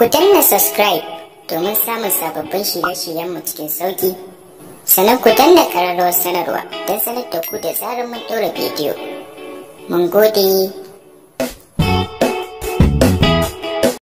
Ku danna subscribe domin samun sababbin shirye mu cikin sauki Sannan ku danna ƙararrawar sanarwa don sanar da ku da tsarin mun ɗora bidiyo. Mun gode.